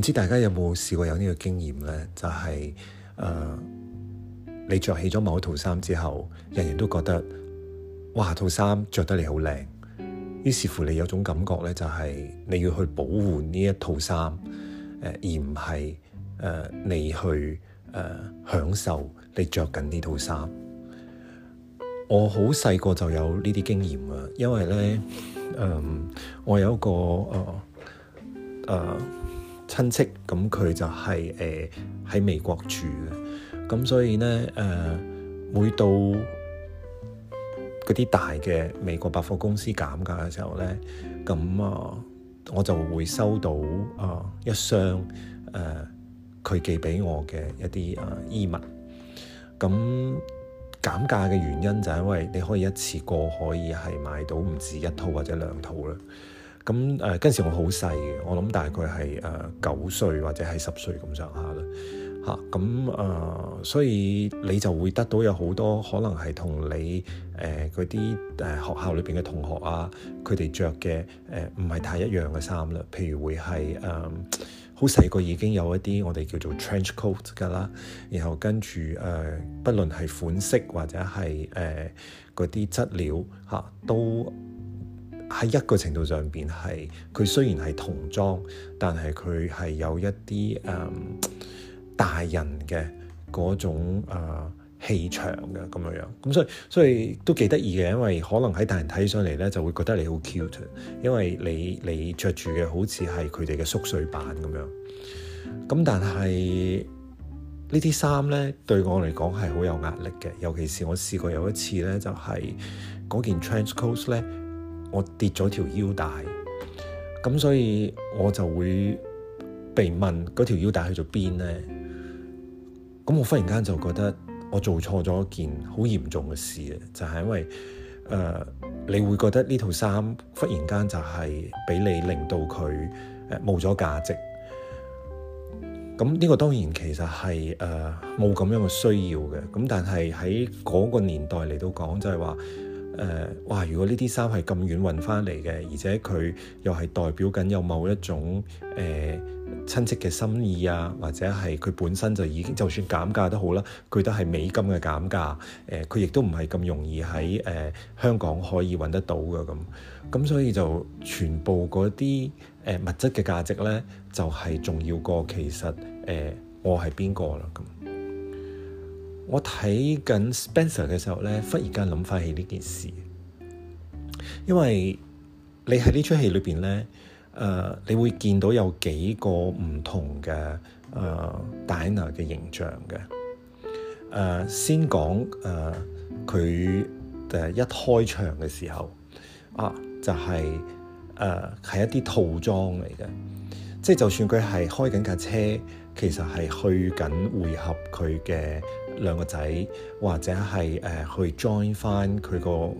唔知大家有冇試過有呢個經驗呢？就係、是、誒、呃，你着起咗某一套衫之後，人人都覺得哇，套衫着得你好靚。於是乎，你有種感覺呢，就係你要去保護呢一套衫，而唔係、呃、你去、呃、享受你着緊呢套衫。我好細個就有呢啲經驗啊，因為呢，嗯、我有一個誒、呃呃親戚，咁佢就係誒喺美國住嘅，咁所以呢，誒、呃、每到嗰啲大嘅美國百貨公司減價嘅時候呢，咁啊、呃、我就會收到啊、呃、一箱佢、呃、寄俾我嘅一啲啊、呃、衣物。咁減價嘅原因就係因為你可以一次過可以係買到唔止一套或者兩套啦。咁誒，嗰、呃、時我好細嘅，我諗大概係誒九歲或者係十歲咁上下啦，嚇咁誒，所以你就會得到有好多可能係同你誒嗰啲誒學校裏邊嘅同學啊，佢哋着嘅誒唔係太一樣嘅衫啦，譬如會係誒好細個已經有一啲我哋叫做 trench coat 噶啦，然後跟住誒、呃，不論係款式或者係誒嗰啲質料嚇、啊、都。喺一個程度上邊係，佢雖然係童裝，但係佢係有一啲誒、嗯、大人嘅嗰種誒氣、呃、場嘅咁樣樣，咁所以所以都幾得意嘅，因為可能喺大人睇上嚟咧就會覺得你好 cute，因為你你著住嘅好似係佢哋嘅縮水版咁樣，咁但係呢啲衫咧對我嚟講係好有壓力嘅，尤其是我試過有一次咧就係、是、嗰件 trans clothes 咧。我跌咗條腰帶，咁所以我就會被問嗰條腰帶去咗邊咧。咁我忽然間就覺得我做錯咗一件好嚴重嘅事啊！就係因為誒、呃，你會覺得呢套衫忽然間就係俾你令到佢誒冇咗價值。咁呢個當然其實係誒冇咁樣嘅需要嘅。咁但係喺嗰個年代嚟到講，就係話。誒、呃、哇！如果呢啲衫係咁遠運翻嚟嘅，而且佢又係代表緊有某一種誒、呃、親戚嘅心意啊，或者係佢本身就已經就算減價都好啦，佢都係美金嘅減價。誒、呃，佢亦都唔係咁容易喺誒、呃、香港可以揾得到嘅咁。咁所以就全部嗰啲誒物質嘅價值咧，就係、是、重要過其實誒、呃、我係邊個啦咁。我睇緊 Spencer 嘅時候咧，忽然間諗翻起呢件事，因為你喺呢出戲裏邊咧，誒、呃，你會見到有幾個唔同嘅誒 Diana 嘅形象嘅。誒、呃，先講誒佢誒一開場嘅時候，啊，就係誒係一啲套裝嚟嘅，即係就算佢係開緊架車，其實係去緊會合佢嘅。兩個仔或者係誒、呃、去 join 翻佢個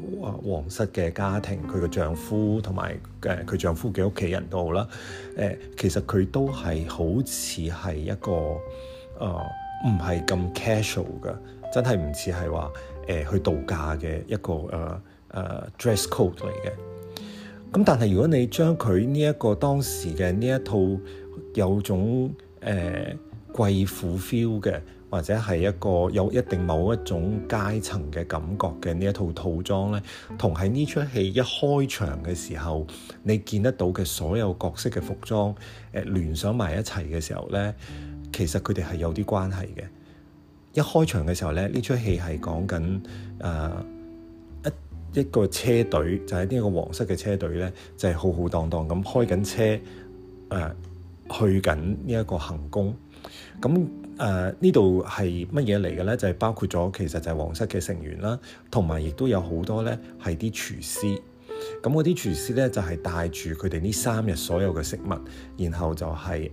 皇室嘅家庭，佢個丈夫同埋誒佢丈夫嘅屋企人都好啦。誒、呃，其實佢都係好似係一個誒，唔係咁 casual 嘅，真係唔似係話誒去度假嘅一個誒誒、呃呃、dress code 嚟嘅。咁、嗯、但係如果你將佢呢一個當時嘅呢一套有種誒、呃、貴婦 feel 嘅。或者係一個有一定某一種階層嘅感覺嘅呢一套套裝咧，同喺呢出戲一開場嘅時候，你見得到嘅所有角色嘅服裝，誒、呃、聯想埋一齊嘅時候咧，其實佢哋係有啲關係嘅。一開場嘅時候咧，呢出戲係講緊誒一一個車隊，就係呢一個黃色嘅車隊咧，就係、是、浩浩蕩蕩咁開緊車，誒、呃、去緊呢一個行宮，咁。誒、啊、呢度係乜嘢嚟嘅咧？就係、是、包括咗其實就係皇室嘅成員啦，同埋亦都有好多咧係啲廚師。咁嗰啲廚師咧就係、是、帶住佢哋呢三日所有嘅食物，然後就係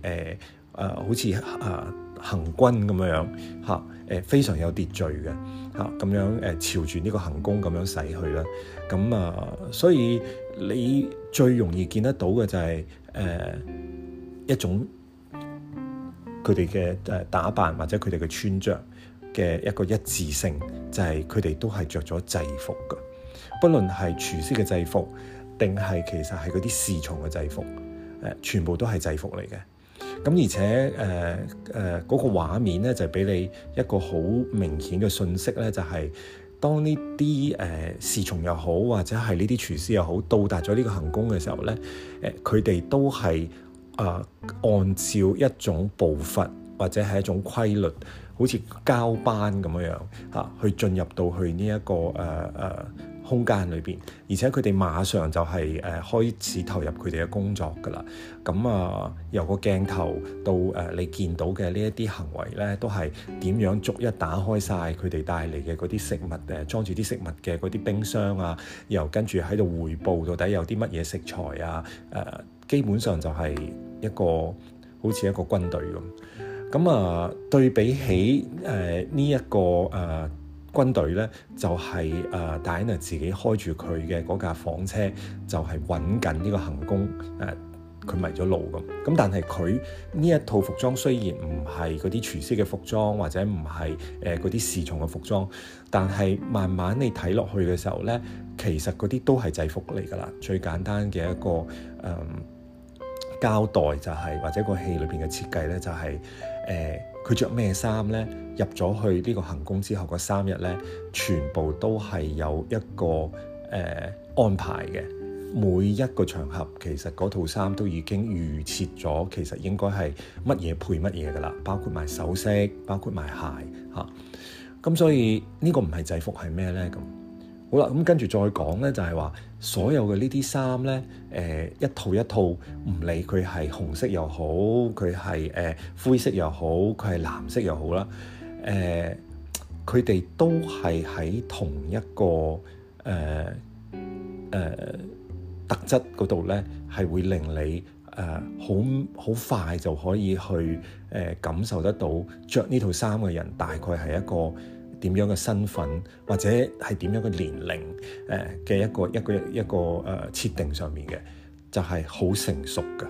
誒誒好似誒、呃、行軍咁樣嚇誒、啊、非常有秩序嘅嚇咁樣誒、啊、朝住呢個行宮咁樣駛去啦。咁啊，所以你最容易見得到嘅就係、是、誒、呃、一種。佢哋嘅誒打扮或者佢哋嘅穿着嘅一個一致性，就係佢哋都係着咗制服噶，不論係廚師嘅制服，定係其實係嗰啲侍從嘅制服，誒全部都係制服嚟嘅。咁而且誒誒嗰個畫面咧，就俾你一個好明顯嘅信息咧，就係、是、當呢啲誒侍從又好，或者係呢啲廚師又好，到達咗呢個行宮嘅時候咧，誒佢哋都係。誒、啊、按照一種步伐或者係一種規律，好似交班咁樣樣嚇、啊，去進入到去呢、這、一個誒誒、啊啊、空間裏邊，而且佢哋馬上就係、是、誒、啊、開始投入佢哋嘅工作㗎啦。咁啊，由個鏡頭到誒、啊、你見到嘅呢一啲行為咧，都係點樣逐一打開晒佢哋帶嚟嘅嗰啲食物誒、啊，裝住啲食物嘅嗰啲冰箱啊，又、啊、跟住喺度回報到底有啲乜嘢食材啊誒。啊基本上就係一個好似一個軍隊咁，咁啊、呃、對比起誒、呃這個呃、呢一個誒軍隊咧，就係、是、誒、呃、戴安娜自己開住佢嘅嗰架房車，就係揾緊呢個行宮誒，佢、呃、迷咗路咁。咁但係佢呢一套服裝雖然唔係嗰啲廚師嘅服裝，或者唔係誒嗰啲侍從嘅服裝，但係慢慢你睇落去嘅時候咧，其實嗰啲都係制服嚟㗎啦，最簡單嘅一個誒。呃交代就係、是、或者個戲裏邊嘅設計咧、就是，就係誒佢着咩衫咧？入咗去呢個行宮之後，嗰、那個、三日咧，全部都係有一個誒、呃、安排嘅。每一個場合其實嗰套衫都已經預設咗，其實應該係乜嘢配乜嘢㗎啦，包括埋首飾，包括埋鞋嚇。咁、啊、所以呢、這個唔係制服係咩咧？咁好啦，咁跟住再講咧，就係、是、話。所有嘅呢啲衫咧，誒一套一套，唔理佢係紅色又好，佢係誒灰色又好，佢係藍色又好啦，誒、呃，佢哋都係喺同一個誒誒、呃呃、特質嗰度咧，係會令你誒好好快就可以去誒、呃、感受得到着呢套衫嘅人大概係一個。點樣嘅身份或者係點樣嘅年齡？誒、呃、嘅一個一個一個誒、呃、設定上面嘅就係、是、好成熟嘅誒、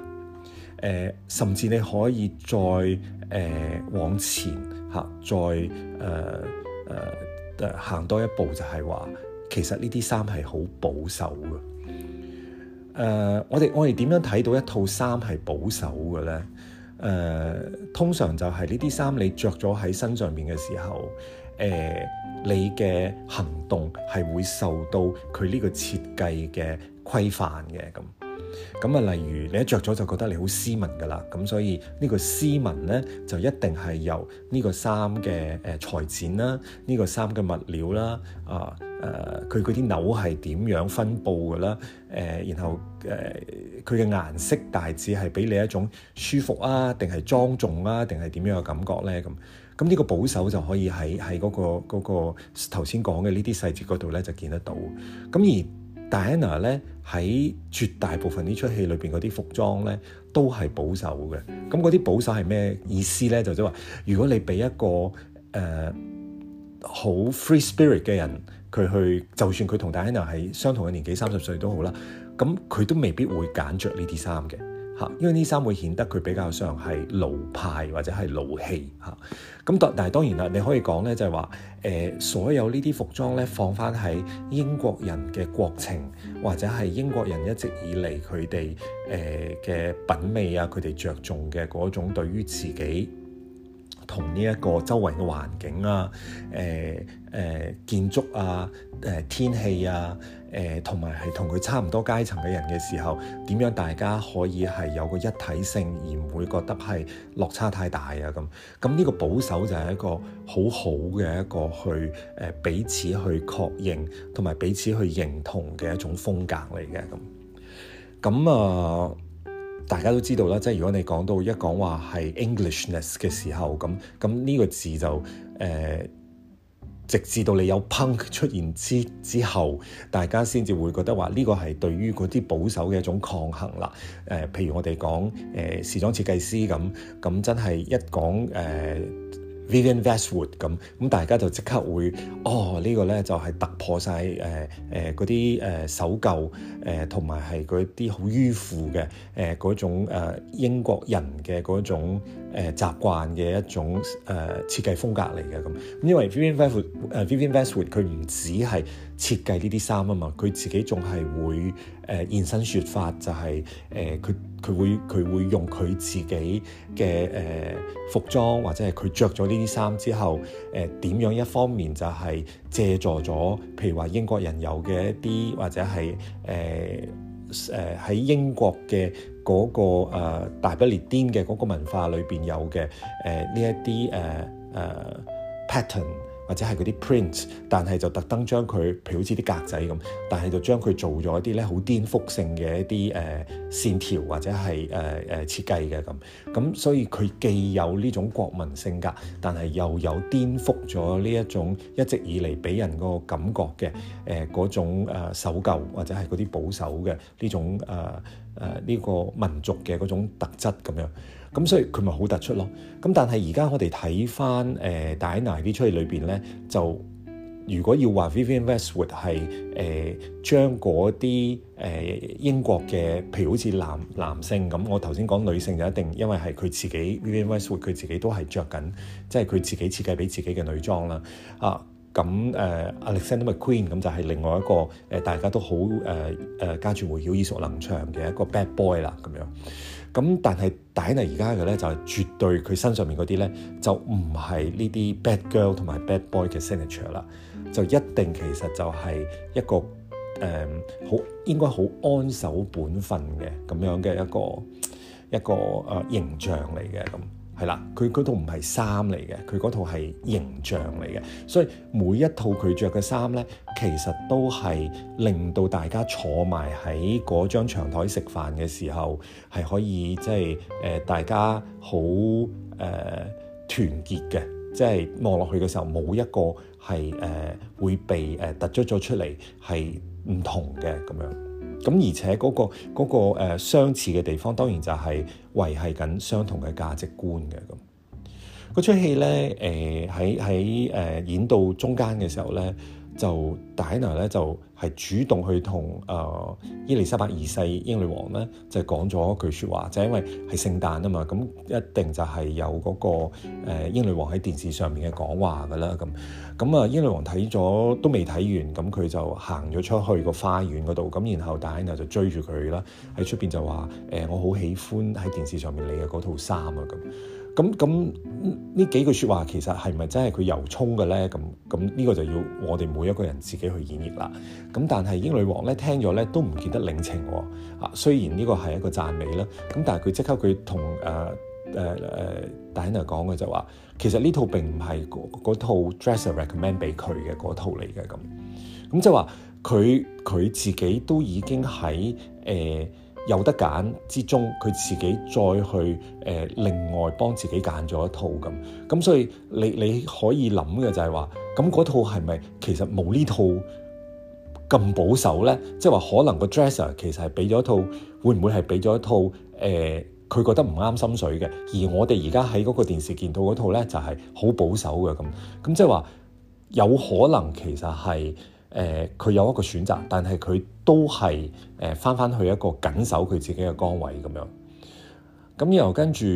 呃，甚至你可以再誒、呃、往前嚇、啊，再誒誒行多一步就，就係話其實呢啲衫係好保守嘅誒、呃。我哋我哋點樣睇到一套衫係保守嘅咧？誒、呃，通常就係呢啲衫你着咗喺身上面嘅時候。誒、呃，你嘅行動係會受到佢呢個設計嘅規範嘅咁，咁啊，例如你一着咗就覺得你好斯文噶啦，咁所以呢、呢個斯文咧就一定係由呢個衫嘅誒裁剪啦，呢、呃呢個衫嘅、呢個、物料啦，啊、呃、誒，佢嗰啲紐係點樣分布噶啦，誒、呃，然後誒，佢嘅顏色大致係俾你一種舒服啊，定係莊重啊，定係點樣嘅感覺咧咁。咁呢個保守就可以喺喺嗰個嗰個頭先講嘅呢啲細節嗰度咧就見得到。咁而 Diana 咧喺絕大部分呢出戲裏邊嗰啲服裝咧都係保守嘅。咁嗰啲保守係咩意思咧？就即係話，如果你俾一個誒好、呃、free spirit 嘅人，佢去就算佢同 Diana 係相同嘅年紀，三十歲都好啦，咁佢都未必會揀着呢啲衫嘅。吓，因為呢衫會顯得佢比較上係老派或者係老氣吓。咁但但係當然啦，你可以講咧就係話，誒、呃、所有呢啲服裝咧放翻喺英國人嘅國情或者係英國人一直以嚟佢哋誒嘅品味啊，佢哋着重嘅嗰種對於自己同呢一個周圍嘅環境啊、誒、呃、誒、呃、建築啊、誒、呃、天氣啊。誒同埋係同佢差唔多階層嘅人嘅時候，點樣大家可以係有個一體性，而唔會覺得係落差太大啊咁。咁呢個保守就係一個好好嘅一個去誒、呃、彼此去確認，同埋彼此去認同嘅一種風格嚟嘅咁。咁啊、呃，大家都知道啦，即係如果你講到一講話係 Englishness 嘅時候，咁咁呢個字就誒。呃直至到你有 punk 出現之之後，大家先至會覺得話呢個係對於嗰啲保守嘅一種抗衡啦。誒、呃，譬如我哋講誒、呃、時裝設計師咁，咁真係一講誒。呃 Vivian Westwood 咁，咁大家就即刻會，哦呢、呢個咧就係突破晒誒誒嗰啲誒守舊誒同埋係嗰啲好迂腐嘅誒嗰種、呃、英國人嘅嗰種誒、呃、習慣嘅一種誒、呃、設計風格嚟嘅咁，因為 Vivian Westwood 誒 Vivian Westwood 佢、呃、唔止係。設計呢啲衫啊嘛，佢自己仲係會誒、呃、現身説法、就係，就係誒佢佢會佢會用佢自己嘅誒、呃、服裝，或者係佢着咗呢啲衫之後，誒、呃、點樣一方面就係借助咗，譬如話英國人有嘅一啲，或者係誒誒喺英國嘅嗰、嗰個、呃、大不列顛嘅嗰個文化裏邊有嘅誒呢一啲誒誒 pattern。呃呃 pattern，或者係嗰啲 print，但係就特登將佢，譬如好似啲格仔咁，但係就將佢做咗一啲咧好顛覆性嘅一啲誒、呃、線條或者係誒誒設計嘅咁。咁、嗯、所以佢既有呢種國民性格，但係又有顛覆咗呢一種一直以嚟俾人個感覺嘅誒嗰種誒、呃、守舊或者係嗰啲保守嘅呢種誒。呃誒呢、啊這個民族嘅嗰種特質咁樣，咁、啊、所以佢咪好突出咯。咁、啊、但係而家我哋睇翻誒戴安娜呢出戲裏邊咧，就如果要話 Vivienne Westwood 係誒將、呃、嗰啲誒、呃、英國嘅，譬如好似男男性咁，我頭先講女性就一定，因為係佢自己 Vivienne Westwood 佢自己都係着緊，即係佢自己設計俾自己嘅女裝啦啊。咁誒 Alexander McQueen 咁就係另外一個誒大家都好誒誒家傳戶曉、耳熟能詳嘅一個 Bad Boy 啦咁樣。咁但係戴安娜而家嘅咧就係、是、絕對佢身上面嗰啲咧就唔係呢啲 Bad Girl 同埋 Bad Boy 嘅 signature 啦，就一定其實就係一個誒好、呃、應該好安守本分嘅咁樣嘅一個一個誒、呃、形象嚟嘅咁。係啦，佢套唔係衫嚟嘅，佢套係形象嚟嘅，所以每一套佢着嘅衫咧，其實都係令到大家坐埋喺嗰張長枱食飯嘅時候，係可以即係誒大家好誒團結嘅，即係望落去嘅時候冇一個係誒、呃、會被誒、呃、突出咗出嚟係唔同嘅咁樣。咁而且嗰個嗰個誒相似嘅地方，當然就係維繫緊相同嘅價值觀嘅咁。嗰出戲咧，誒喺喺誒演到中間嘅時候咧，就戴安娜咧就，係主動去同誒、呃、伊麗莎白二世英女王咧，就講咗一句説話，就係、是、因為係聖誕啊嘛，咁一定就係有嗰個誒英女王喺電視上面嘅講話噶啦咁。咁啊英女王睇咗都未睇完，咁佢就行咗出去個花園嗰度，咁然後戴安娜就追住佢啦，喺出邊就話誒、欸、我好喜歡喺電視上面你嘅嗰套衫啊咁。咁咁呢幾句説話其實係咪真係佢由衷嘅咧？咁咁呢個就要我哋每一個人自己去演繹啦。咁但係英女皇咧聽咗咧都唔見得領情喎、哦。啊，雖然呢個係一個讚美啦，咁但係佢即刻佢同誒誒誒戴安娜講嘅就話，其實呢套並唔係嗰套 dresser recommend 俾佢嘅嗰套嚟嘅咁。咁即係話佢佢自己都已經喺誒、呃有得揀之中，佢自己再去誒、呃、另外幫自己揀咗一套咁，咁、嗯、所以你你可以諗嘅就係話，咁、嗯、嗰套係咪其實冇呢套咁保守咧？即係話可能個 dresser 其實係俾咗一套，會唔會係俾咗一套誒佢、呃、覺得唔啱心水嘅？而我哋而家喺嗰個電視見到嗰套咧，就係、是、好保守嘅咁，咁即係話有可能其實係。誒，佢、呃、有一個選擇，但係佢都係誒返返去一個緊守佢自己嘅崗位咁樣。咁又、呃、跟住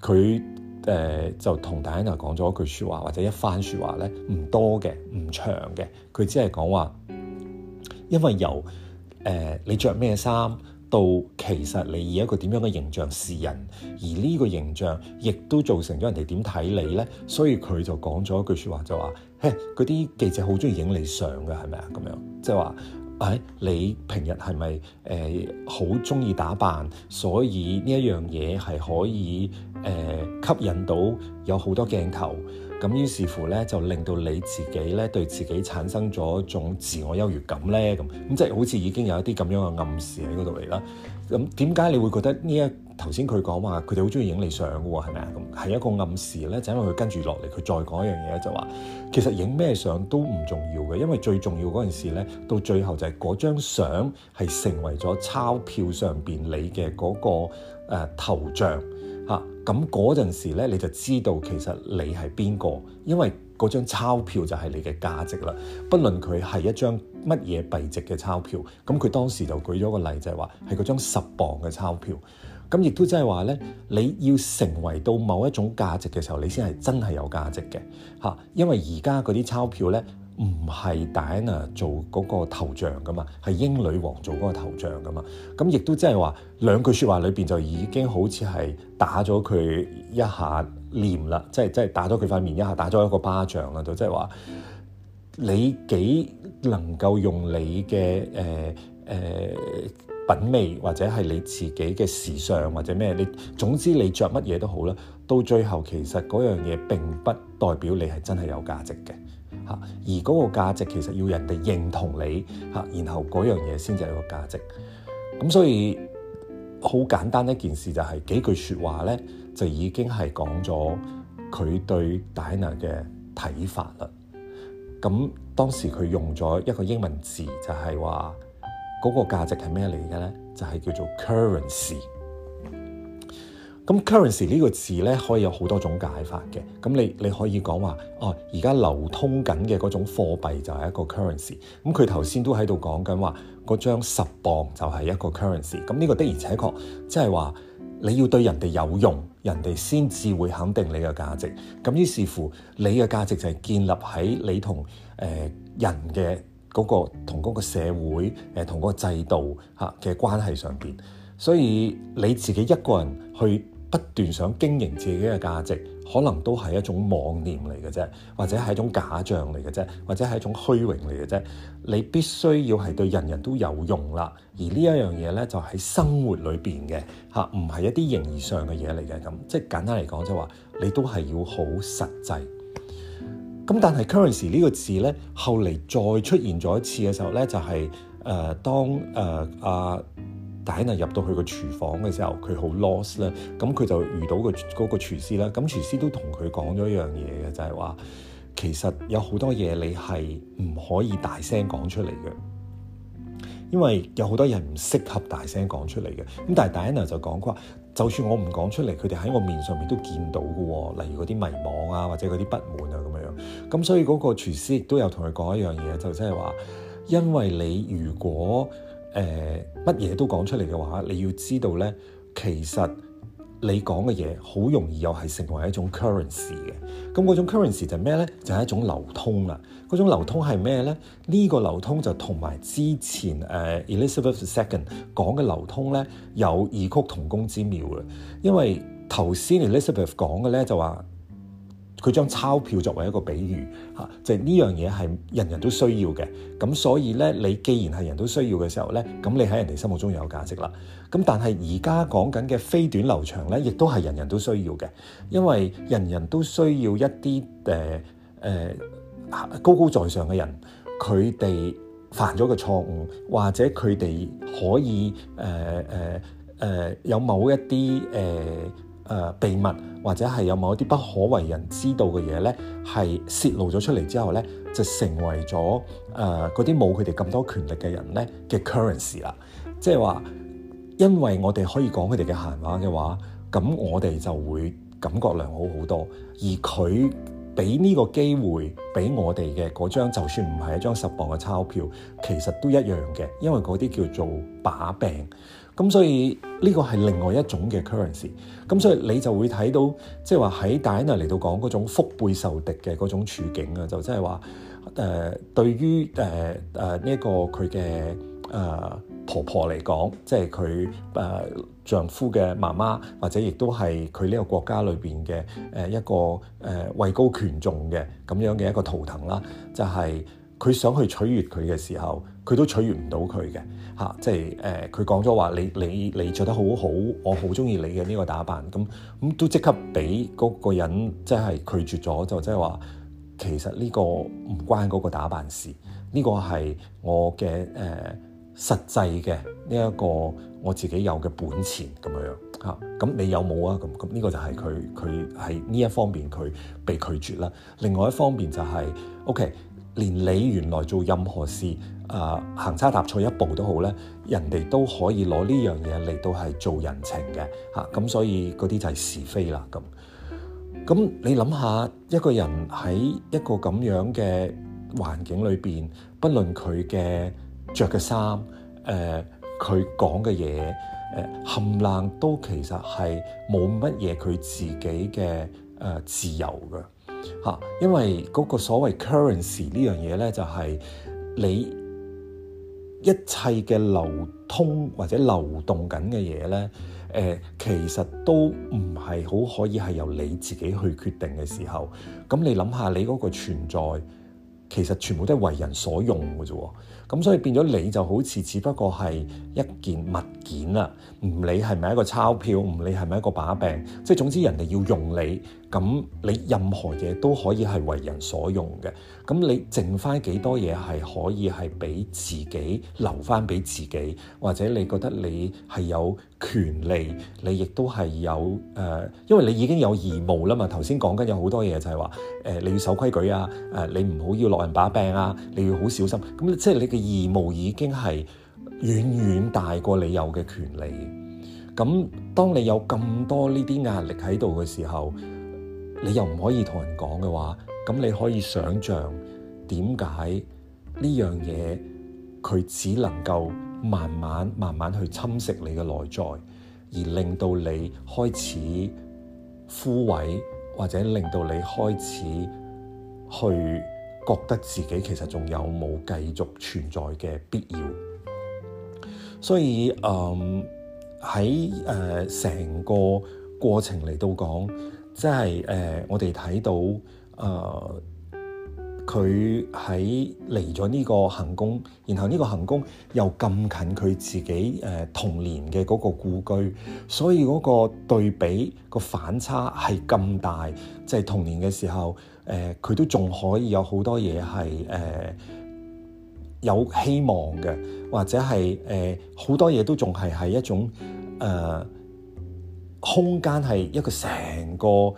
佢誒就同大家又講咗一句説話，或者一番説話咧？唔多嘅，唔長嘅，佢只係講話，因為由誒、呃、你着咩衫。到其實你以一個點樣嘅形象示人，而呢個形象亦都造成咗人哋點睇你呢。所以佢就講咗一句説話，就話：嘿，嗰啲記者好中意影你相㗎，係咪啊？咁樣，即係話，誒、哎，你平日係咪誒好中意打扮，所以呢一樣嘢係可以誒、呃、吸引到有好多鏡頭。咁於是乎咧，就令到你自己咧對自己產生咗一種自我優越感咧，咁咁即係好似已經有一啲咁樣嘅暗示喺嗰度嚟啦。咁點解你會覺得呢一頭先佢講話，佢哋好中意影你相㗎喎，係咪啊？咁係一個暗示咧，就是、因為佢跟住落嚟，佢再講一樣嘢就話，其實影咩相都唔重要嘅，因為最重要嗰件事咧，到最後就係嗰張相係成為咗鈔票上邊你嘅嗰、嗰個誒、呃、頭像。咁嗰陣時咧，你就知道其實你係邊個，因為嗰張鈔票就係你嘅價值啦。不論佢係一張乜嘢幣值嘅鈔票，咁佢當時就舉咗個例就，就係話係嗰張十磅嘅鈔票。咁亦都即係話咧，你要成為到某一種價值嘅時候，你先係真係有價值嘅嚇。因為而家嗰啲鈔票咧。唔係戴安娜做嗰個頭像噶嘛，係英女王做嗰個頭像噶嘛。咁亦都即係話兩句説話裏邊就已經好似係打咗佢一下臉啦，即係即係打咗佢塊面一下，打咗一個巴掌啦。就即係話你幾能夠用你嘅誒誒品味或者係你自己嘅時尚或者咩？你總之你着乜嘢都好啦，到最後其實嗰樣嘢並不代表你係真係有價值嘅。而嗰個價值其實要人哋認同你嚇，然後嗰樣嘢先至係個價值。咁所以好簡單一件事就係、是、幾句説話咧，就已經係講咗佢對 Diana 嘅睇法啦。咁當時佢用咗一個英文字就、那個，就係話嗰個價值係咩嚟嘅咧？就係叫做 currency。咁 currency 呢個字咧，可以有好多種解法嘅。咁你你可以講話哦，而、啊、家流通緊嘅嗰種貨幣就係一個 currency。咁佢頭先都喺度講緊話嗰張十磅就係一個 currency。咁呢個的而且確，即係話你要對人哋有用，人哋先至會肯定你嘅價值。咁於是乎，你嘅價值就係建立喺你同誒、呃、人嘅嗰、那個同嗰個社會誒同嗰個制度吓嘅關係上邊，所以你自己一個人去不斷想經營自己嘅價值，可能都係一種妄念嚟嘅啫，或者係一種假象嚟嘅啫，或者係一種虛榮嚟嘅啫。你必須要係對人人都有用啦。而呢一樣嘢咧，就喺、是、生活裏邊嘅嚇，唔、啊、係一啲形而上嘅嘢嚟嘅咁。即係簡單嚟講，就話、是、你都係要好實際。咁但係 currency 呢個字咧，後嚟再出現咗一次嘅時候咧，就係、是、誒、呃、當誒阿。呃呃戴安娜入到去個廚房嘅時候，佢好 lost 咧，咁佢就遇到個嗰個廚師啦。咁廚師都同佢講咗一樣嘢嘅，就係話其實有好多嘢你係唔可以大聲講出嚟嘅，因為有好多嘢唔適合大聲講出嚟嘅。咁但係戴安娜就講過話，就算我唔講出嚟，佢哋喺我面上面都見到嘅喎。例如嗰啲迷惘啊，或者嗰啲不滿啊咁樣。咁所以嗰個廚師亦都有同佢講一樣嘢，就即係話，因為你如果誒乜嘢都講出嚟嘅話，你要知道咧，其實你講嘅嘢好容易又係成為一種 currency 嘅。咁嗰種 currency 就係咩咧？就係、是、一種流通啦。嗰種流通係咩咧？呢、這個流通就同埋之前誒、呃、Elizabeth II 講嘅流通咧有異曲同工之妙啊。因為頭先 Elizabeth 講嘅咧就話。佢將鈔票作為一個比喻嚇，就係呢樣嘢係人人都需要嘅。咁所以咧，你既然係人都需要嘅時候咧，咁你喺人哋心目中有價值啦。咁但係而家講緊嘅蜚短流長咧，亦都係人人都需要嘅，因為人人都需要一啲誒誒高高在上嘅人，佢哋犯咗個錯誤，或者佢哋可以誒誒誒有某一啲誒。呃誒、呃、秘密或者係有某一啲不可為人知道嘅嘢咧，係泄露咗出嚟之後咧，就成為咗誒嗰啲冇佢哋咁多權力嘅人咧嘅 currency 啦。即係話，因為我哋可以講佢哋嘅閒話嘅話，咁我哋就會感覺良好好多。而佢俾呢個機會俾我哋嘅嗰張，就算唔係一張十磅嘅鈔票，其實都一樣嘅，因為嗰啲叫做把柄。咁所以。呢個係另外一種嘅 currency，咁所以你就會睇到，即係話喺戴安娜嚟到講嗰種腹背受敵嘅嗰種處境啊，就即係話誒，對於誒誒呢一個佢嘅誒婆婆嚟講，即係佢誒丈夫嘅媽媽，或者亦都係佢呢個國家裏邊嘅誒一個誒、呃、位高權重嘅咁樣嘅一個圖騰啦，就係、是、佢想去取悅佢嘅時候。佢都取悦唔到佢嘅嚇，即係誒，佢講咗話你你你着得好好，我好中意你嘅呢個打扮，咁、嗯、咁都即刻俾嗰個人即係拒絕咗，就即係話其實呢個唔關嗰個打扮事，呢、這個係我嘅誒、呃、實際嘅呢一個我自己有嘅本錢咁樣嚇，咁、啊嗯、你有冇啊？咁咁呢個就係佢佢喺呢一方面佢被拒絕啦。另外一方面就係、是、OK。連你原來做任何事，誒、呃、行差踏錯一步都好咧，人哋都可以攞呢樣嘢嚟到係做人情嘅嚇，咁、啊、所以嗰啲就係是，是非啦咁。咁你諗下，一個人喺一個咁樣嘅環境裏邊，不論佢嘅着嘅衫，誒佢講嘅嘢，誒冚冷都其實係冇乜嘢佢自己嘅誒、呃、自由嘅。吓，因為嗰個所謂 currency 呢樣嘢咧，就係你一切嘅流通或者流動緊嘅嘢咧，誒，其實都唔係好可以係由你自己去決定嘅時候。咁你諗下，你嗰個存在其實全部都係為人所用嘅啫。咁所以變咗你就好似只不過係一件物件啦，唔理係咪一個鈔票，唔理係咪一個把柄，即係總之人哋要用你。咁你任何嘢都可以係為人所用嘅。咁你剩翻幾多嘢係可以係俾自己留翻俾自己，或者你覺得你係有權利，你亦都係有誒、呃，因為你已經有義務啦嘛。頭先講緊有好多嘢就係話誒，你要守規矩啊，誒、呃、你唔好要落人把柄啊，你要好小心。咁即係你嘅義務已經係遠遠大過你有嘅權利。咁當你有咁多呢啲壓力喺度嘅時候，你又唔可以同人講嘅話，咁你可以想像點解呢樣嘢，佢只能夠慢慢、慢慢去侵蝕你嘅內在，而令到你開始枯萎，或者令到你開始去覺得自己其實仲有冇繼續存在嘅必要。所以，嗯，喺誒成個過程嚟到講。即係誒、呃，我哋睇到誒，佢喺嚟咗呢個行宮，然後呢個行宮又咁近佢自己誒、呃、童年嘅嗰個故居，所以嗰個對比個反差係咁大。即、就、係、是、童年嘅時候，誒、呃、佢都仲可以有好多嘢係誒有希望嘅，或者係誒好多嘢都仲係係一種誒。呃空間係一個成個誒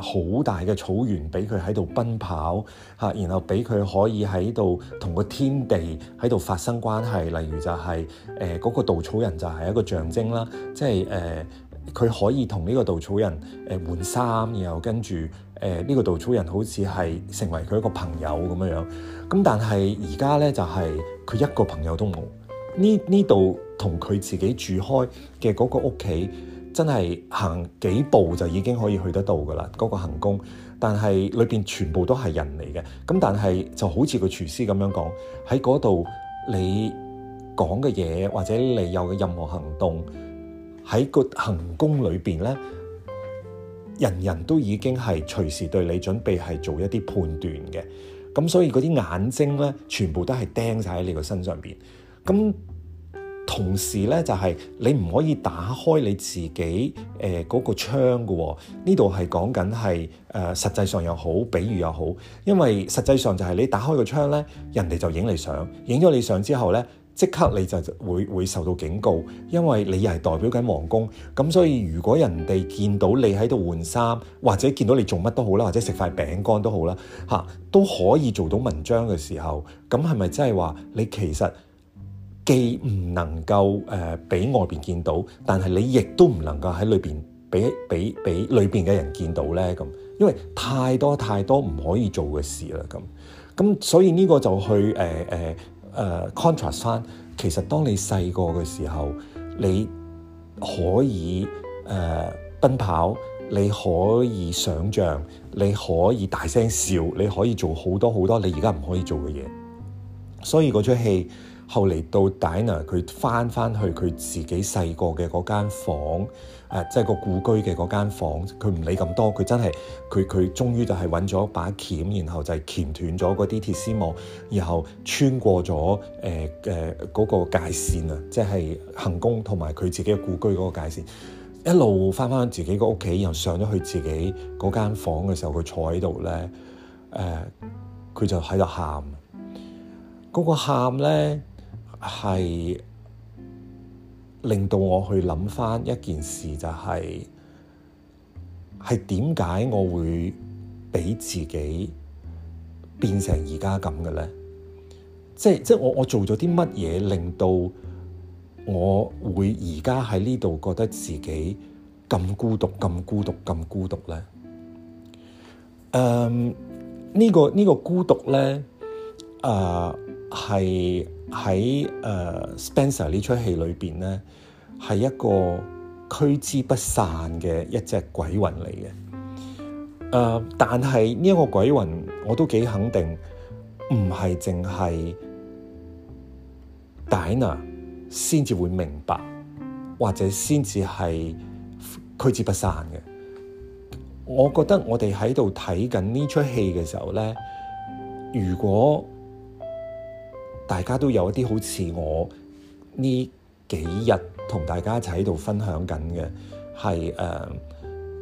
好、呃、大嘅草原，俾佢喺度奔跑嚇、啊，然後俾佢可以喺度同個天地喺度發生關係。例如就係誒嗰個稻草人就係一個象徵啦，即係誒佢可以同呢個稻草人誒換衫，然後跟住誒呢個稻草人好似係成為佢一個朋友咁樣樣。咁但係而家咧就係、是、佢一個朋友都冇呢呢度同佢自己住開嘅嗰個屋企。真係行幾步就已經可以去得到噶啦，嗰個行宮。但係裏邊全部都係人嚟嘅。咁但係就好似個廚師咁樣講，喺嗰度你講嘅嘢或者你有嘅任何行動，喺個行宮裏邊咧，人人都已經係隨時對你準備係做一啲判斷嘅。咁所以嗰啲眼睛咧，全部都係釘晒喺你個身上邊。咁同時咧，就係、是、你唔可以打開你自己誒嗰、呃那個窗嘅喎、哦。呢度係講緊係誒實際上又好，比喻又好。因為實際上就係你打開個窗咧，人哋就影你相，影咗你相之後咧，即刻你就會會受到警告，因為你又係代表緊王宮。咁所以如果人哋見到你喺度換衫，或者見到你做乜都好啦，或者食塊餅乾都好啦，嚇、啊、都可以做到文章嘅時候，咁係咪即係話你其實？既唔能夠誒俾、呃、外邊見到，但係你亦都唔能夠喺裏邊俾俾俾裏邊嘅人見到咧。咁因為太多太多唔可以做嘅事啦。咁咁，所以呢個就去誒誒誒 contrast 翻。呃呃呃、Cont 其實當你細個嘅時候，你可以誒、呃、奔跑，你可以想像，你可以大聲笑，你可以做好多好多你而家唔可以做嘅嘢。所以嗰出戲。後嚟到戴安娜，佢翻翻去佢自己細個嘅嗰間房，誒、呃，即係個故居嘅嗰間房，佢唔理咁多，佢真係佢佢終於就係揾咗一把鉗，然後就係鉗斷咗嗰啲鐵絲網，然後穿過咗誒誒嗰個界線啊，即係行宮同埋佢自己嘅故居嗰個界線，一路翻翻自己個屋企，然後上咗去自己嗰間房嘅時候，佢坐喺度咧，誒、呃，佢就喺度喊，嗰、那個喊咧～係令到我去諗翻一件事，就係，就係係點解我會俾自己變成而家咁嘅咧？即係即係我我做咗啲乜嘢令到我會而家喺呢度覺得自己咁孤獨、咁孤獨、咁孤獨咧？嗯，呢、呢個呢、呢個孤獨咧，啊、呃、係。喺誒、uh, Spencer 裡呢出戲裏邊咧，係一個驅之不散嘅一隻鬼魂嚟嘅。誒、uh，但係呢一個鬼魂我都幾肯定，唔係淨係 Diana 先至會明白，或者先至係驅之不散嘅。我覺得我哋喺度睇緊呢出戲嘅時候咧，如果大家都有一啲好似我呢幾日同大家一齊喺度分享緊嘅，係誒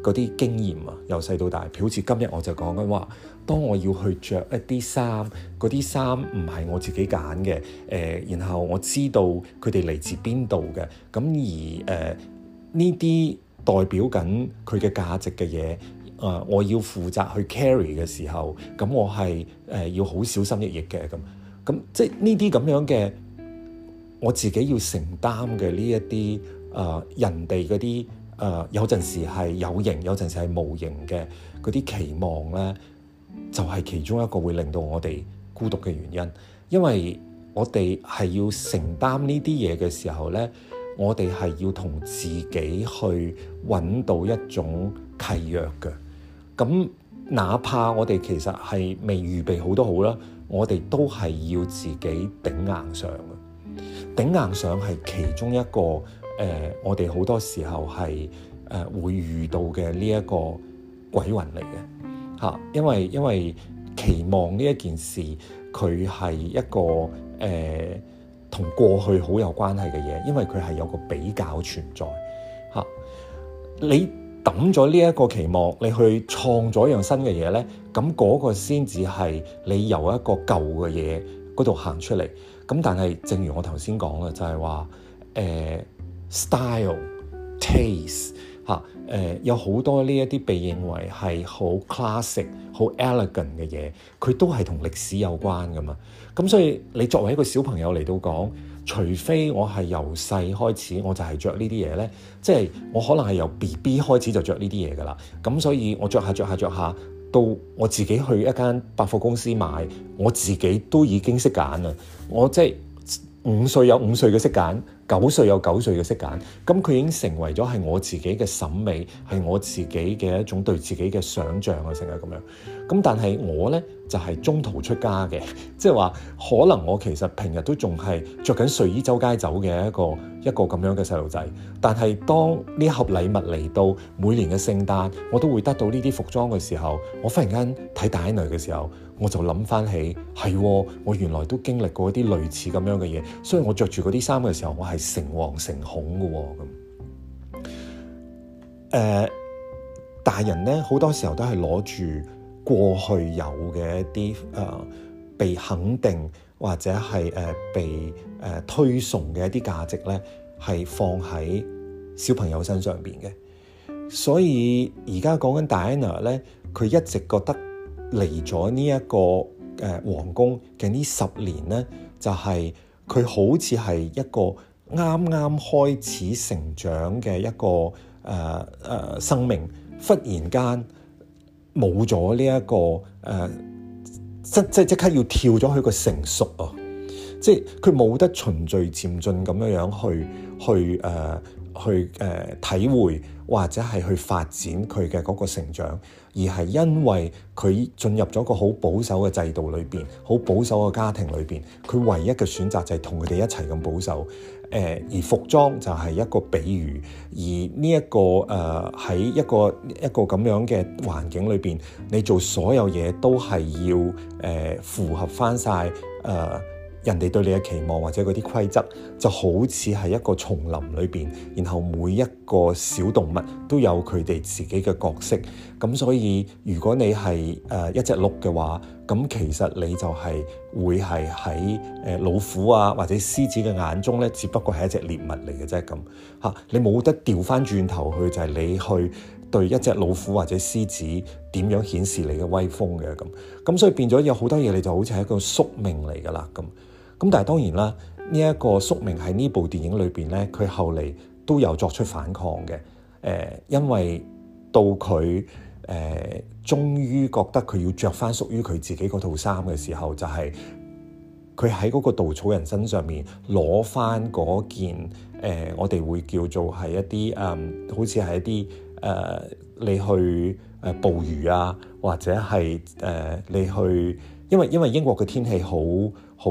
嗰啲經驗啊，由細到大。譬如好似今日我就講緊話，當我要去着一啲衫，嗰啲衫唔係我自己揀嘅，誒、呃，然後我知道佢哋嚟自邊度嘅，咁而誒呢啲代表緊佢嘅價值嘅嘢，啊、呃，我要負責去 carry 嘅時候，咁我係誒、呃、要好小心翼翼嘅咁。咁即係呢啲咁樣嘅，我自己要承擔嘅呢一啲，誒、呃、人哋嗰啲，誒有陣時係有形，有陣時係無形嘅嗰啲期望咧，就係、是、其中一個會令到我哋孤獨嘅原因。因為我哋係要承擔呢啲嘢嘅時候咧，我哋係要同自己去揾到一種契約嘅。咁哪怕我哋其實係未預備好都好啦。我哋都係要自己頂硬上嘅。頂硬上係其中一個誒、呃，我哋好多時候係誒、呃、會遇到嘅呢一個鬼魂嚟嘅嚇，因為因為期望呢一件事，佢係一個誒同、呃、過去好有關係嘅嘢，因為佢係有個比較存在嚇、啊、你。抌咗呢一個期望，你去創咗一樣新嘅嘢咧，咁嗰個先至係你由一個舊嘅嘢嗰度行出嚟。咁但係正如我頭先講嘅，就係、是、話，誒、呃、style taste、啊、taste、呃、嚇，誒有好多呢一啲被認為係好 classic、好 elegant 嘅嘢，佢都係同歷史有關噶嘛。咁所以你作為一個小朋友嚟到講。除非我係由細開始，我就係着呢啲嘢呢。即係我可能係由 BB 開始就着呢啲嘢噶啦。咁所以我着下着下着下，到我自己去一間百貨公司買，我自己都已經識揀啦。我即係五歲有五歲嘅識揀，九歲有九歲嘅識揀。咁佢已經成為咗係我自己嘅審美，係我自己嘅一種對自己嘅想像啊，成日咁樣。咁但係我呢，就係、是、中途出家嘅，即係話可能我其實平日都仲係着緊睡衣周街走嘅一個一個咁樣嘅細路仔，但係當呢盒禮物嚟到每年嘅聖誕，我都會得到呢啲服裝嘅時候，我忽然間睇大仔女嘅時候，我就諗翻起係、哦、我原來都經歷過一啲類似咁樣嘅嘢，所以我着住嗰啲衫嘅時候，我係誠惶誠恐嘅咁。誒、呃，大人呢，好多時候都係攞住。過去有嘅一啲誒、呃、被肯定或者係誒、呃、被誒、呃、推崇嘅一啲價值咧，係放喺小朋友身上邊嘅。所以而家講緊 Diana 咧，佢一直覺得嚟咗、呢個呃、呢、就係、一個誒皇宮嘅呢十年咧，就係佢好似係一個啱啱開始成長嘅一個誒誒、呃呃、生命，忽然間，冇咗呢一個誒、呃，即即即刻要跳咗佢個成熟啊！即係佢冇得循序漸進咁樣樣去去誒、呃、去誒、呃呃、體會或者係去發展佢嘅嗰個成長，而係因為佢進入咗個好保守嘅制度裏邊，好保守嘅家庭裏邊，佢唯一嘅選擇就係同佢哋一齊咁保守。誒而服裝就係一個比喻，而呢、這個呃、一個誒喺一個一個咁樣嘅環境裏邊，你做所有嘢都係要誒、呃、符合翻晒。誒、呃。人哋對你嘅期望或者嗰啲規則就好似係一個叢林裏邊，然後每一個小動物都有佢哋自己嘅角色。咁所以如果你係誒、呃、一隻鹿嘅話，咁其實你就係會係喺誒老虎啊或者獅子嘅眼中咧，只不過係一隻獵物嚟嘅啫。咁、啊、嚇你冇得調翻轉頭去，就係、是、你去對一隻老虎或者獅子點樣顯示你嘅威風嘅咁。咁所以變咗有好多嘢，你就好似係一個宿命嚟㗎喇咁。咁但係當然啦，呢、這、一個宿命喺呢部電影裏邊咧，佢後嚟都有作出反抗嘅。誒、呃，因為到佢誒，終、呃、於覺得佢要着翻屬於佢自己嗰套衫嘅時候，就係佢喺嗰個稻草人身上面攞翻嗰件誒、呃，我哋會叫做係一啲嗯，好似係一啲誒、呃，你去誒捕魚啊，或者係誒、呃、你去，因為因為英國嘅天氣好。好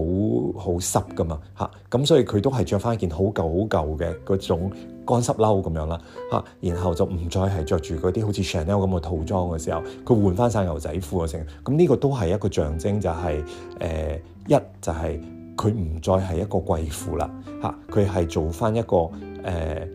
好濕噶嘛嚇，咁、啊、所以佢都係着翻一件好舊好舊嘅嗰種乾濕褸咁樣啦嚇、啊，然後就唔再係着住嗰啲好似 Chanel 咁嘅套裝嘅時候，佢換翻晒牛仔褲啊成，咁、這、呢個都係一個象徵、就係，就係誒一就係佢唔再係一個貴婦啦嚇，佢、啊、係做翻一個誒好、呃、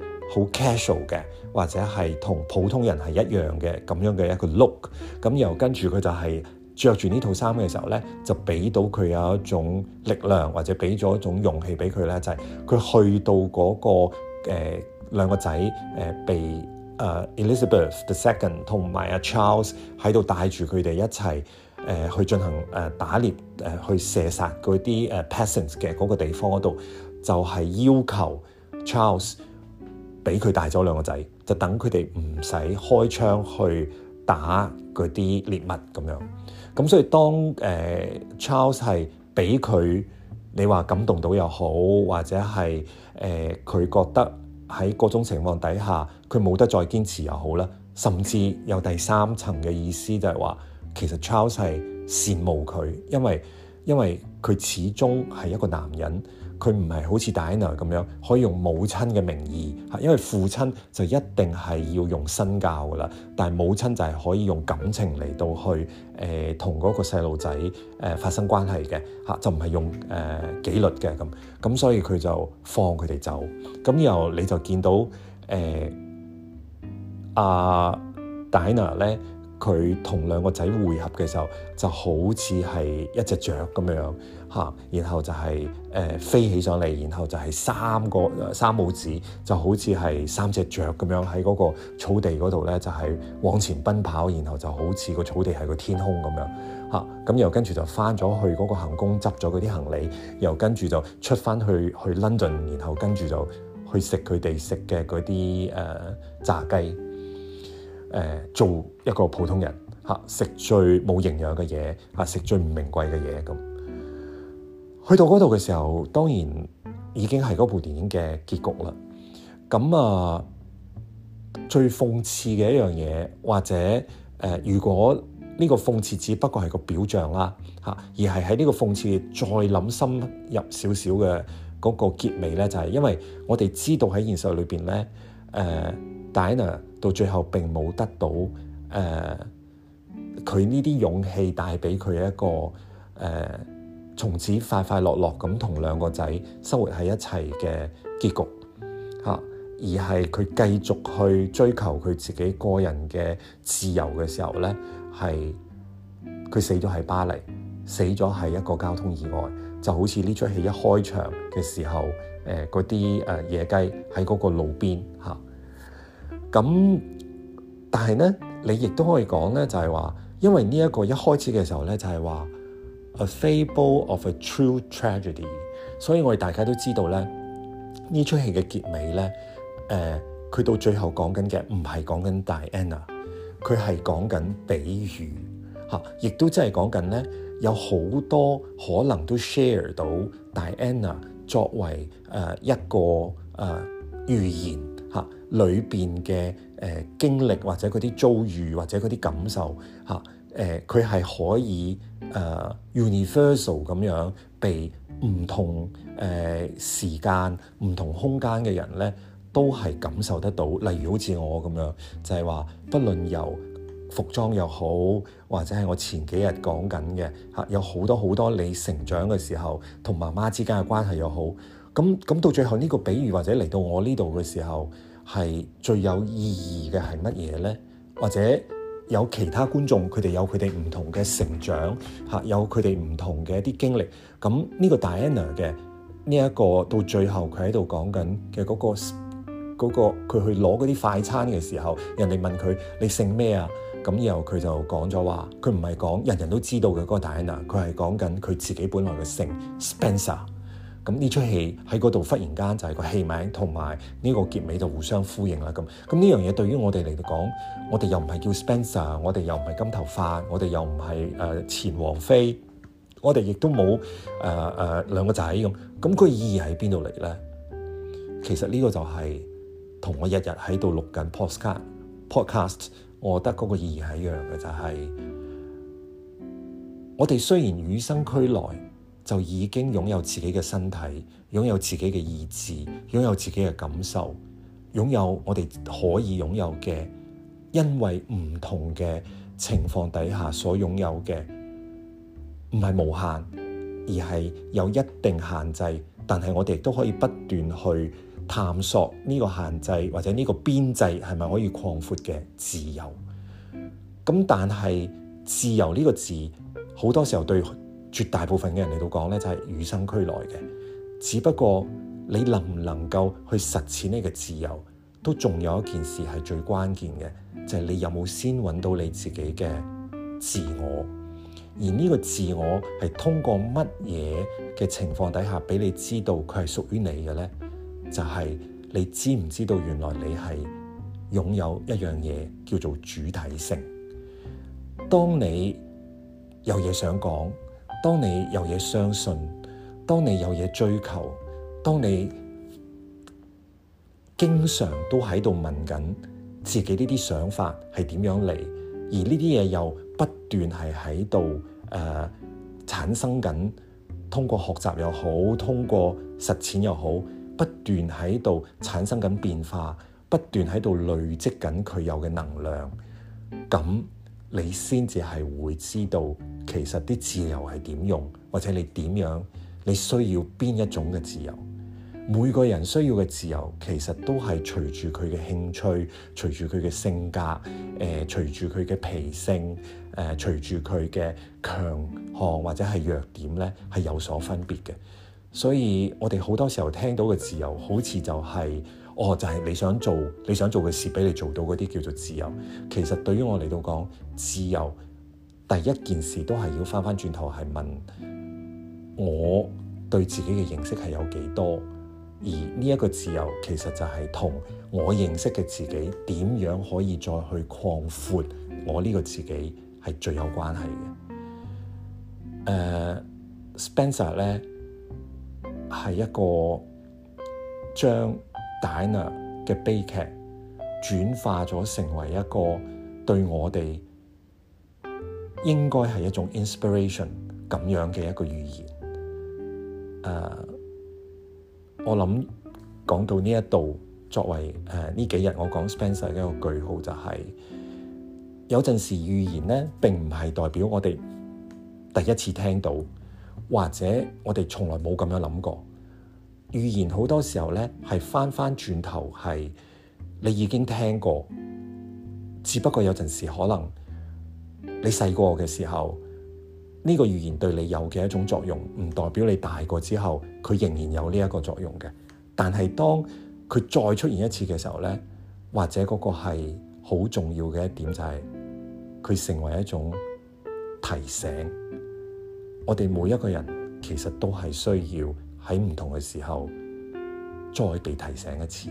casual 嘅，或者係同普通人係一樣嘅咁樣嘅一個 look，咁、啊、又跟住佢就係、係。着住呢套衫嘅時候咧，就俾到佢有一種力量，或者俾咗一種勇氣俾佢咧，就係、是、佢去到嗰、那個誒兩、呃、個仔誒、呃、被誒、呃、Elizabeth the Second 同埋阿 Charles 喺度帶住佢哋一齊誒、呃、去進行誒打獵誒、呃、去射殺嗰啲誒 pheasants 嘅嗰個地方度，就係、是、要求 Charles 俾佢帶咗兩個仔，就等佢哋唔使開槍去打嗰啲獵物咁樣。咁所以當誒、呃、Charles 係俾佢你話感動到又好，或者係誒佢覺得喺各種情況底下佢冇得再堅持又好啦，甚至有第三層嘅意思就係話其實 Charles 係羨慕佢，因為因為佢始終係一個男人。佢唔係好似 Diana 咁樣可以用母親嘅名義，嚇，因為父親就一定係要用身教噶啦，但係母親就係可以用感情嚟到去誒同嗰個細路仔誒發生關係嘅，嚇、啊，就唔係用誒、呃、紀律嘅咁，咁所以佢就放佢哋走，咁然後你就見到誒阿、呃啊、Diana 咧，佢同兩個仔會合嘅時候，就好似係一隻雀咁樣。嚇、啊，然後就係、是、誒、呃、飛起上嚟，然後就係三個、呃、三母子就好似係三隻雀咁樣喺嗰個草地嗰度咧，就係、是、往前奔跑，然後就好似個草地係個天空咁樣嚇。咁又跟住就翻咗去嗰個行宮執咗嗰啲行李，又跟住就出翻去去 London，然後跟住就，就，on，就去食佢哋食嘅嗰啲誒炸雞誒、呃，做一個普通人嚇，食、啊、最冇營養嘅嘢嚇，食、啊、最唔名貴嘅嘢咁。啊去到嗰度嘅時候，當然已經係嗰部電影嘅結局啦。咁啊，最諷刺嘅一樣嘢，或者誒、呃，如果呢個諷刺只不過係個表象啦，嚇、啊，而係喺呢個諷刺再諗深入少少嘅嗰個結尾咧，就係、是、因為我哋知道喺現實裏邊咧，誒、呃，戴 n a 到最後並冇得到誒佢呢啲勇氣帶俾佢一個誒。呃從此快快樂樂咁同兩個仔生活喺一齊嘅結局，嚇，啊，而係佢繼續去追求佢自己個人嘅自由嘅時候咧，係佢死咗喺巴黎，死咗係一個交通意外，就好似呢出戲一開場嘅時候，誒嗰啲誒野雞喺嗰個路邊嚇，咁，啊，但係咧，你亦都可以講咧，就係話，因為呢一個一開始嘅時候咧，就係話。《A Fable of a True Tragedy》，所以我哋大家都知道咧，呢出戲嘅結尾咧，誒、呃，佢到最後講緊嘅唔係講緊 Diana，佢係講緊比喻嚇，亦都真係講緊咧，有好多可能都 share 到 Diana 作為誒、呃、一個誒預、呃、言嚇裏邊嘅誒經歷或者嗰啲遭遇或者嗰啲感受嚇。誒，佢係可以誒 universal 咁樣，被唔同誒時間、唔同空間嘅人咧，都係感受得到。例如好似我咁樣，就係話，不論由服裝又好，或者係我前幾日講緊嘅嚇，有好多好多你成長嘅時候，同媽媽之間嘅關係又好，咁咁到最後呢個比喻或者嚟到我呢度嘅時候，係最有意義嘅係乜嘢咧？或者？有其他觀眾，佢哋有佢哋唔同嘅成長，嚇有佢哋唔同嘅一啲經歷。咁呢個 Diana 嘅呢一個到最後佢喺度講緊嘅嗰個嗰個佢去攞嗰啲快餐嘅時候，人哋問佢你姓咩啊？咁然後佢就講咗話，佢唔係講人人都知道嘅嗰個 Diana，佢係講緊佢自己本來嘅姓 Spencer。咁呢出戲喺嗰度忽然間就係個戲名，同埋呢個結尾就互相呼應啦。咁咁呢樣嘢對於我哋嚟講，我哋又唔係叫、S、Spencer，我哋又唔係金頭髮，我哋又唔係誒前王妃，我哋亦都冇誒誒兩個仔咁。咁佢意義喺邊度嚟咧？其實呢個就係、是、同我日日喺度錄緊 postcard podcast，我覺得嗰個意義係一樣嘅，就係、是、我哋雖然與生俱來。就已經擁有自己嘅身體，擁有自己嘅意志，擁有自己嘅感受，擁有我哋可以擁有嘅，因為唔同嘅情況底下所擁有嘅，唔係無限，而係有一定限制。但係我哋都可以不斷去探索呢個限制或者呢個邊際係咪可以擴闊嘅自由。咁但係自由呢個字好多時候對絕大部分嘅人嚟到講咧，就係與生俱來嘅。只不過你能唔能夠去實踐呢個自由，都仲有一件事係最關鍵嘅，就係你有冇先揾到你自己嘅自我。而呢個自我係通過乜嘢嘅情況底下俾你知道佢係屬於你嘅呢？就係你知唔知道原來你係擁有一樣嘢叫做主體性。當你有嘢想講。當你有嘢相信，當你有嘢追求，當你經常都喺度問緊自己呢啲想法係點樣嚟，而呢啲嘢又不斷係喺度誒產生緊，通過學習又好，通過實踐又好，不斷喺度產生緊變化，不斷喺度累積緊佢有嘅能量，咁。你先至係會知道，其實啲自由係點用，或者你點樣，你需要邊一種嘅自由？每個人需要嘅自由，其實都係隨住佢嘅興趣，隨住佢嘅性格，誒、呃，隨住佢嘅脾性，誒、呃，隨住佢嘅強項或者係弱點咧，係有所分別嘅。所以我哋好多時候聽到嘅自由，好似就係、是。哦，oh, 就係你想做你想做嘅事，俾你做到嗰啲叫做自由。其實對於我嚟到講，自由第一件事都係要翻翻轉頭係問我對自己嘅認識係有幾多？而呢一個自由其實就係同我認識嘅自己點樣可以再去擴闊我呢個自己係最有關係嘅。誒，uh，Spencer 咧係一個將。Diana 嘅悲劇轉化咗成為一個對我哋應該係一種 inspiration 咁樣嘅一個預言。誒、uh,，我諗講到呢一度，作為誒呢、uh, 幾日我講 Spencer 嘅一個句號就係、是，有陣時預言咧，並唔係代表我哋第一次聽到，或者我哋從來冇咁樣諗過。語言好多時候呢，係返返轉頭係你已經聽過，只不過有陣時可能你細個嘅時候呢、這個語言對你有嘅一種作用，唔代表你大個之後佢仍然有呢一個作用嘅。但係當佢再出現一次嘅時候呢，或者嗰個係好重要嘅一點、就是，就係佢成為一種提醒，我哋每一個人其實都係需要。喺唔同嘅時候，再被提醒一次。